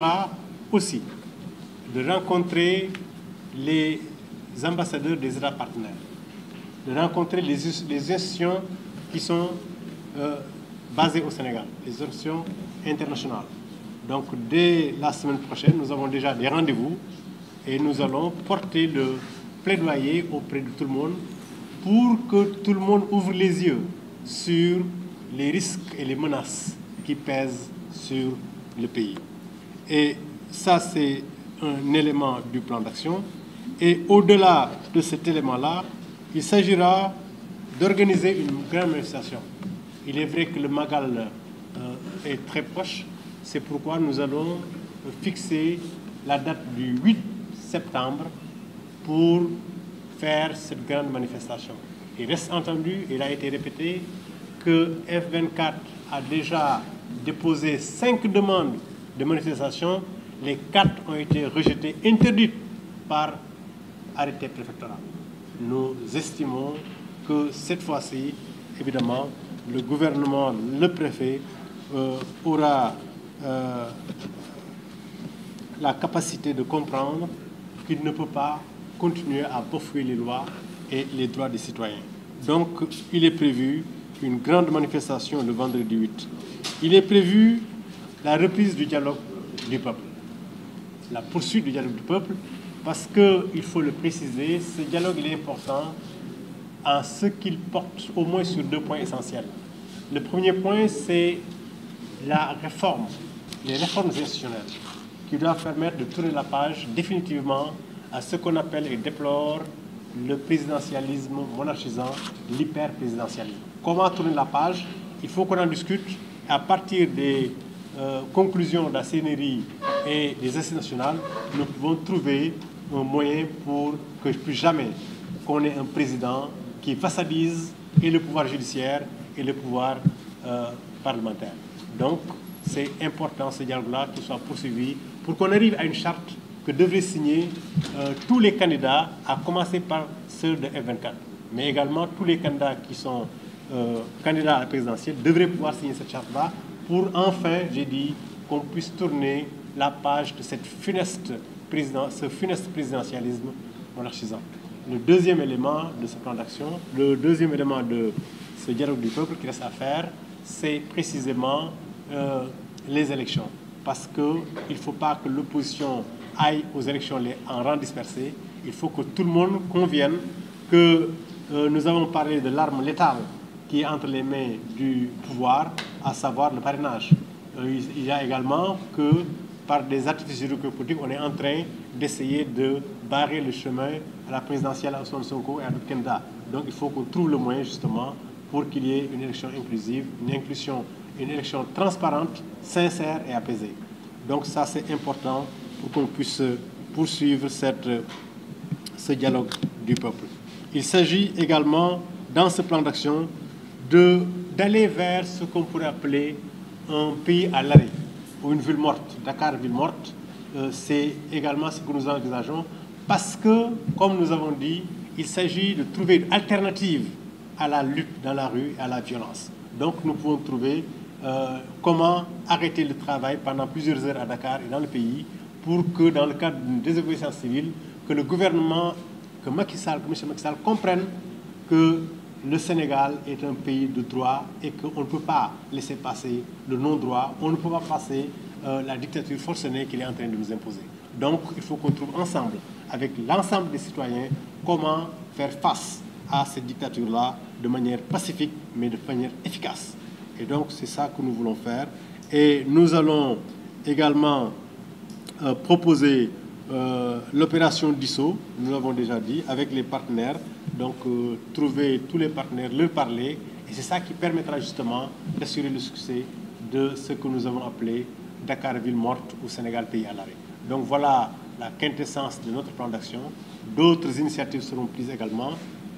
là aussi de rencontrer les ambassadeurs des États partenaires, de rencontrer les, les gestions qui sont euh, basées au Sénégal, des gestions internationales. Donc dès la semaine prochaine, nous avons déjà des rendez-vous et nous allons porter le plaidoyer auprès de tout le monde pour que tout le monde ouvre les yeux sur les risques et les menaces qui pèsent sur le pays. Et ça, c'est un élément du plan d'action. Et au de là il s'agira d'organiser une grande manifestation. Il est vrai que le Magal euh, est très proche. C'est pourquoi nous allons la date du 8 septembre pour faire cette grande manifestation. Il reste entendu, il a été répété, que F24 a déjà déposé de manifestation, les cartes ont été rejetées, interdites par arrêté préfectoral. Nous estimons que cette fois-ci, évidemment, le gouvernement, le préfet, euh, aura euh, la capacité de comprendre qu'il ne peut pas continuer à bafouer les lois et les droits des citoyens. Donc, il est prévu une grande manifestation le vendredi 8. Il est prévu la reprise du dialogue du peuple. La poursuite du dialogue du peuple, parce qu'il faut le préciser, ce dialogue il est important en ce qu'il porte au moins sur deux points essentiels. Le premier point, c'est la réforme, les réformes institutionnelles, qui doivent permettre de tourner la page définitivement à ce qu'on appelle et déplore le présidentialisme monarchisant, l'hyper-présidentialisme. Comment tourner la page Il faut qu'on en discute à partir des Euh, conclusion de la et des assises nationales, nous pouvons trouver un un président qui façadise et le pouvoir judiciaire et le pouvoir euh, Donc, c'est important ce dialogue-là qui pour qu'on arrive que devraient signer euh, tous les candidats, à commencer par ceux de F24. Mais également, tous les candidats qui sont euh, candidats à la présidentielle devraient pouvoir signer pour enfin, j'ai dit, qu'on puisse tourner la page de cette funeste président, ce funeste présidentialisme monarchisant. Le deuxième élément de ce plan d'action, le deuxième élément de ce dialogue du peuple qui reste à faire, c'est précisément euh, les élections. Parce qu'il ne faut pas que l'opposition aille aux élections en rang dispersé. Il faut que tout le monde convienne que euh, nous avons parlé de l'arme létale qui est entre les mains du pouvoir, à savoir le parrainage. Euh, il y a également que par des artifices juridiques on est en train d'essayer de barrer le chemin à la présidentielle à Ousmane Sonko et à Kenda. Donc il faut qu'on trouve le moyen justement pour qu'il y ait une élection inclusive, une inclusion, une élection transparente, sincère et apaisée. Donc ça c'est important pour qu'on puisse poursuivre cette, ce dialogue du peuple. Il s'agit également, dans ce plan d'action, d'aller vers ce qu'on pourrait appeler un pays à l'arrêt ou une ville morte. Dakar, ville morte, euh, c'est également ce que nous envisageons parce que, comme nous avons dit, il s'agit de trouver une alternative à la lutte dans la rue, à la violence. Donc nous pouvons trouver euh, comment arrêter le travail pendant plusieurs heures à Dakar et dans le pays pour que, dans le cadre d'une désobéissance civile, que le gouvernement, que Macky Sall, comprenne le Sénégal est un pays de droit et qu'on ne peut pas laisser passer le non-droit, on ne peut pas passer euh, la dictature forcenée qu'il est en train de nous imposer. Donc il faut qu'on trouve ensemble, avec l'ensemble des citoyens, comment faire face à cette dictature-là de manière pacifique, mais de manière efficace. Et donc c'est ça que nous voulons faire. Et nous allons également euh, proposer euh, l'opération d'ISO, nous l'avons déjà dit, avec les partenaires donc euh, trouver tous les partenaires, leur parler, et c'est ça qui permettra justement d'assurer le succès de ce que nous avons appelé Dakar ville morte ou Sénégal pays à l'arrêt. Donc voilà la quintessence de notre plan d'action. D'autres initiatives seront prises également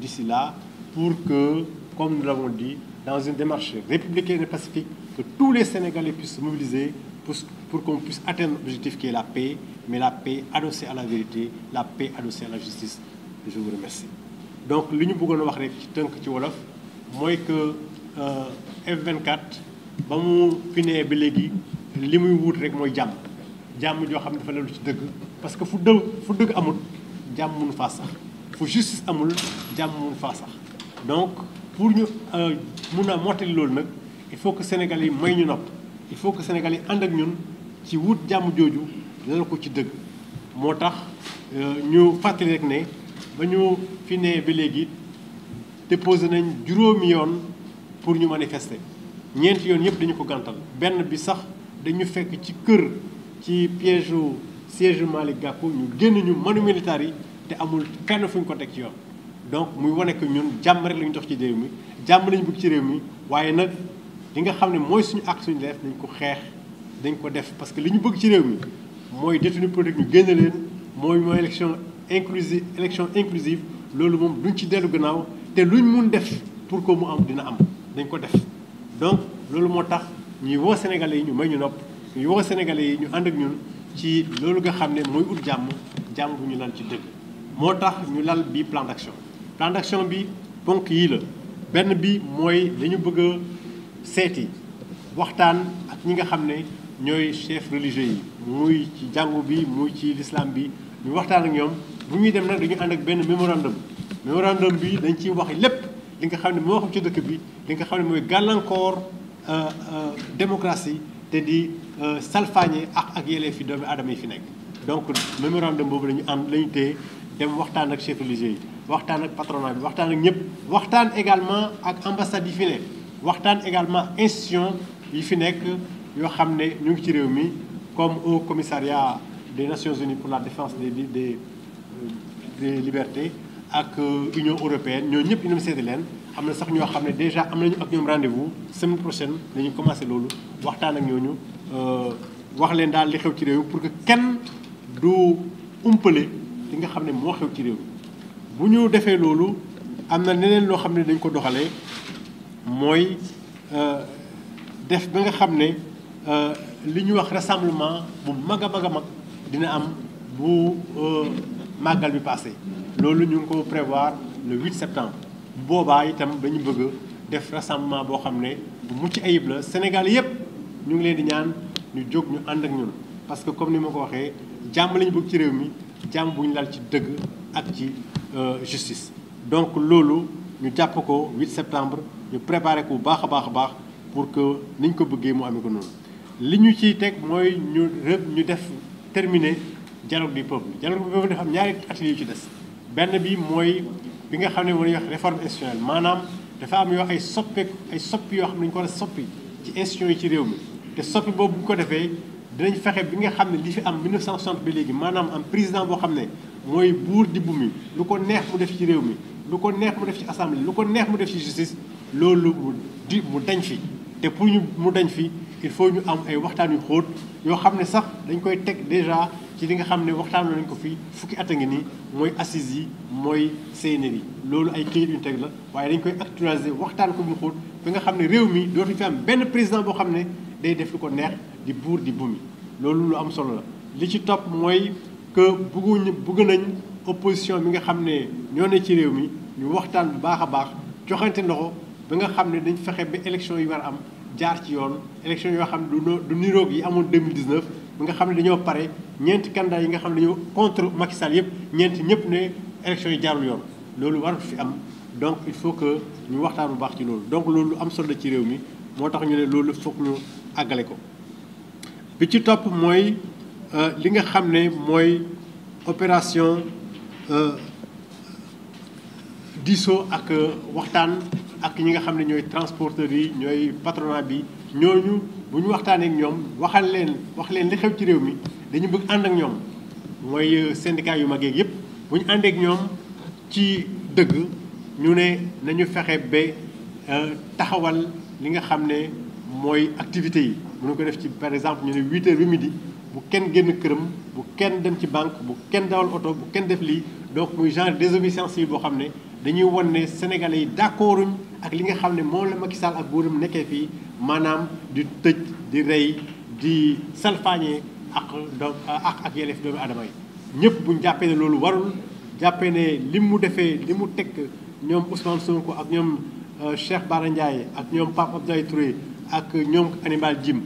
d'ici là pour que, comme nous l'avons dit, dans une démarche républicaine et pacifique, que tous les Sénégalais puissent se mobiliser pour, pour qu'on puisse atteindre l'objectif qui est la à la vérité, la paix adossée à la justice. donc li ñu bëggoon wax rek ci tënk ci wolof mooy que euh, F24 ba mu fi bi léegi li muy wut rek mooy jàmm jàmm joo xam ne dafa leelu ci dëgg parce que fu dëgg fu amul jàmm mun faa sax fu justice amul jàmm mun faa sax donc pour ñu euh, mun a mottali loolu nag il faut que Sénégal yi may ñu nopp il faut que Sénégal yi ànd ak ñun ci wut jàmm jooju lal ko ci dëgg moo tax euh, ñu fàttali rek ne ba ñu fi nee ba léegi déposé nañ juróomi yoon pour ñu manifester ñeenti yoon yëpp dañu ko gàntal benn bi sax dañu fekk ci kër ci piège siège Malick Gakou ñu génn ñu manu militaire yi te amul kenn fu ñu ko teg ci yoon donc muy wane que ñun jàmm rek la jox ci réew mi jàmm lañu bëgg ci réew mi waaye nag li nga xam ne mooy suñu ak suñu def dañ ko xeex dañ ko def parce que li ñu bëgg ci réew mi mooy détenu politique ñu génn leen mooy mooy élection inclusive élection inclusive loolu moom duñ ci dellu gannaaw te luñ mun def pour que mu am dina am dañ ko def donc loolu moo tax ñuy woo Sénégalais yi ñu may ñu nopp ñuy woo Sénégalais yi ñu ànd ak ñun ci loolu nga xam ne mooy ut jàmm jàmm bu ñu lal ci dëgg moo tax ñu lal bii plan d'action plan d'action bi ponk yii la benn bi mooy dañu bëgg seeti waxtaan ak ñi nga xam ne ñooy chef religieux yi muy ci jàngu bi muy ci l'islam bi ñu waxtaan ak ñoom bu ñuy dem nag dañu ànd ak benn mémorandum mémorandum bi dañ ciy wax lépp li nga xam ne moo xam ci dëkk bi li nga xam ne mooy gàllankoor euh, euh, démocratie te di euh, salfaañe ak ak yelleef fi doomi aadama yi fi nekk donc mémorandum boobu la ñu am la ñu dem waxtaan ak chef religieux yi waxtaan ak patronat bi waxtaan ak ñëpp waxtaan également ak ambassade yi fi nekk waxtaan également institution yi fi nekk yoo xam ne ñu ngi ci réew mi comme au commissariat des Nations Unies pour la défense des des des libertés ak euh, Union européenne ñoo ñëpp ñu seeti leen am na sax ñoo xam ne déjà am nañu ak ñoom rendez-vous semaine prochaine dañu commencé loolu waxtaan ak ñooñu euh, wax leen daal li xew ci réew pour que kenn du umpale li nga xam ne moo xew ci réew bu ñu defee loolu am na leneen loo xam ne dañ ko doxalee mooy euh, def ba nga xam ne li ñu wax rassemblement bu mag a mag a mag dina am bu màggal bi passé loolu ñu ngi ko prévoir le 8 septembre bu boobaa itam dañu bëgg def rassemblement boo xam ne bu mucc ayib la Sénégal yëpp ñu ngi leen di ñaan ñu jóg ñu ànd ak ñun parce que comme ni ma ko waxee jàmm lañu bëgg ci réew mi jàmm bu ñu lal ci dëgg ak ci euh, justice. donc loolu ñu jàpp ko 8 septembre ñu préparé ko bu baax a baax a baax pour que niñ ko bëggee mu amee ko noonu li ñu ciy teg mooy ñu rëb ñu def terminer. dialogue bi peuple dialogue du peuple dafa am ñaari atelier yu ci des benn bi mooy bi nga xam ne mooy wax réforme institutionnelle maanaam dafa am yoo ay soppe ay soppi yoo xam ne dañu ko soppi ci yi ci réew mi te soppi boobu bu ko defee dinañ fexe bi nga xam ne li fi am 1960 bi léegi maanaam am président boo xam ne mooy buur di bu mi lu ko neex mu def ci réew mi lu ko neex mu def ci assemblée lu ko neex mu def ci justice loolu mu di mu dañ fi te pour ñu mu dañ fi il faut ñu am ay waxtaan yu xóot yoo xam ne sax dañ koy teg déjà ci li nga xam ne waxtaanoo nañ ko fii fukki at a ngi nii mooy assises yi mooy CNRI yi loolu ay këyit yu ñu teg la waaye dañ koy actualiser waxtaan ko bu mu xóot bi nga xam ne réew mi dootuñu fi am benn président boo xam ne day def lu ko neex di buur di bumi loolu lu am solo la li ci topp mooy que bëgguñu bëgg nañ opposition bi nga xam ne ñoo ne ci réew mi ñu waxtaan bu baax a baax joxante loxo ba nga xam ne dañ fexe ba élection yi war am jaar ci yoon élection yoo xam ne du niroog yi amoon 2019 bi nga xam ne dañoo pare ñeenti candidat yi nga xam ne dañoo contre Macky Sall yëpp ñeenti ñëpp ne élection yi jaarul yoon loolu war fi am donc il faut que ñu waxtaan bu baax ci loolu donc loolu lu am solo ci réew mi moo tax ñu ne loolu foog ñu àggale ko bi ci topp mooy euh, li nga xam ne mooy opération euh, diisoo ak euh, waxtaan ak ñi nga xam ne ñooy transporteurs yi ñooy patronat bi ñooñu bu ñu waxtaanee ak ñoom waxal leen wax leen li xew ci réew mi dañu bëgg ànd ak ñoom mooy euh, syndicat yu mag yeeg yëpp bu ñu àndeek ñoom ci dëgg ñu ne nañu fexe ba euh, taxawal li nga xam ne mooy activité yi mu mënu ko def ci par exemple ñu ne huit heures ba midi bu kenn génn këram bu kenn dem ci banque bu kenn dawal oto bu kenn def lii donc muy genre désobéissance yi boo xam ne dañuy won ne sénégalais yi d'accorduñ ak li nga xam ne moom la Macky ak ak góoram nekkee fii maanaam di tëj di rey di salfaañee ak doom ak ak yelleef doomu aadama yi ñëpp buñ jàppee ne loolu warul jàppee ne li mu defee li mu teg ñoom Ousmane Sonko ak ñoom euh, Cheikh Bara Ndiaye ak ñoom Pape Abdoulaye Touré ak ñoom Hannibal jim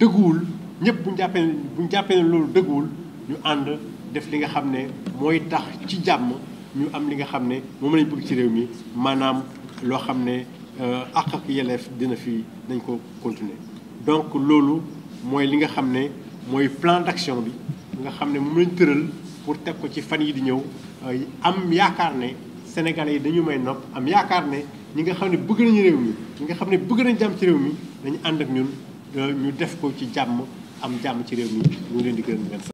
dëgguwul ñëpp bu jàppee ne buñ jàppee ne loolu dëgguwul ñu ànd def li nga xam ne mooy tax ci jàmm ñu am li nga xam ne moom lañ bëgg ci réew mi maanaam loo xam ne àq euh, ak yelleef dina fi nañ ko continuer donc loolu mooy li nga xam ne mooy plan d'action bi nga xam ne moom lañ tëral pour teg ko ci fan yi di ñëw euh, am yaakaar ne sénégalais yi dañu may nopp am yaakaar ne ñi nga xam ne bëgg nañu réew mi ñi nga xam ne bëgg nañ jàmm ci réew mi dañu ànd ak ñun euh, ñu def ko ci jàmm am jàmm ci réew mi ñu leen di gërëm